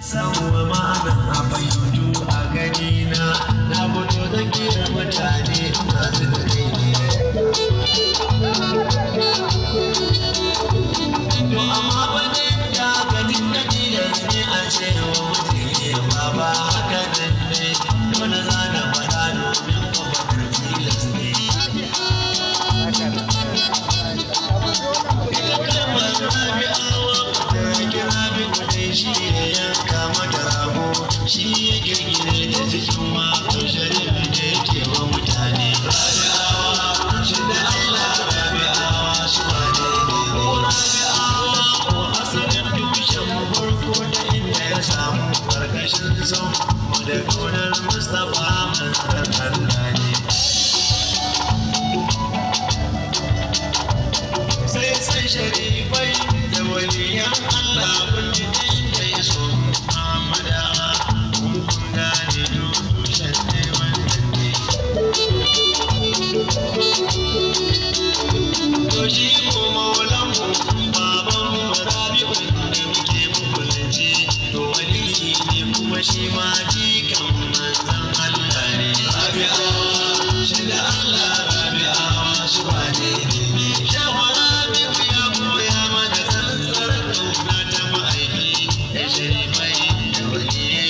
Sama ma'anin a fahimtu a gani na na fito da gina mutane masu da ne. mata rago shi ya girgire da cikin masu sharif yake wa mutane rabi'awa shi da Allah da inda ya samu mu da kaunar Mustapha Thank you.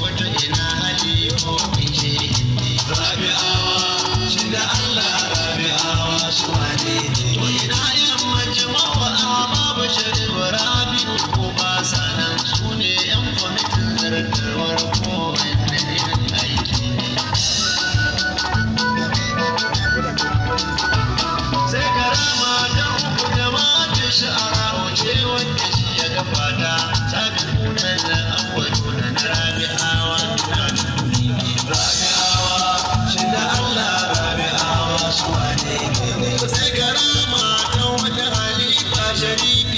wata ina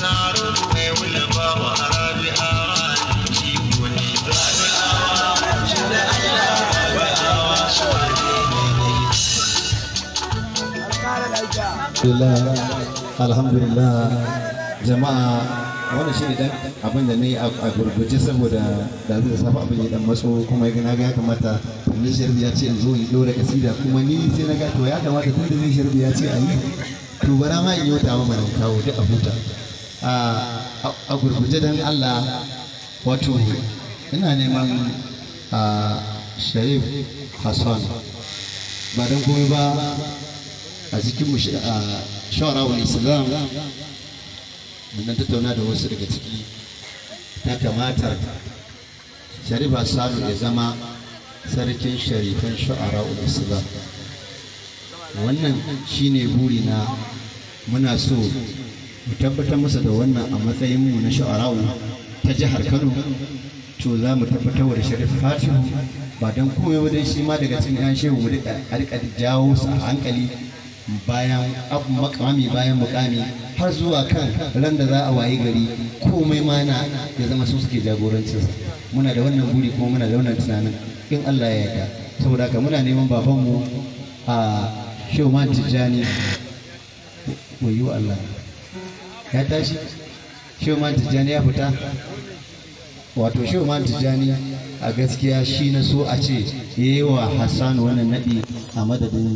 alhamdulillah alhamdulillah jama'a wani shi dan abin da ne a gurguje saboda da zai safa abin ya dan matso kuma ya gina ya kamata ni sharbi ya ce in zo in dora kasida kuma ni sai na ga to ya kamata tun da ni sharbi ya ce a yi to bara ma in yi wata ma kawo duk abuta a gurguje don Allah wato ina neman sharif hassan ba don komai ba a cikin wani islam nan tattauna da wasu daga ciki ta kamata sharif hassan ya zama sarkin sharifan wani islam wannan shine buri na muna so mu tabbatar musu da wannan a matsayin mu na sha'arawa ta jihar Kano to za mu tabbatar da Sharif Fatihu ba don komai ba shi ma daga cin yan shehu mu rika jawo su a hankali bayan abu makami bayan mukami har zuwa kan ran da za a waye gari komai ma ya zama su suke jagorancin muna da wannan guri kuma muna da wannan tunanin in Allah ya yarda saboda haka muna neman babanmu a shehu ma tijjani wayo Allah ya tashi showman tijjani ya fita wato showman tijjani a gaskiya shi na so a ce yi wa hassan wannan naɗi a madadin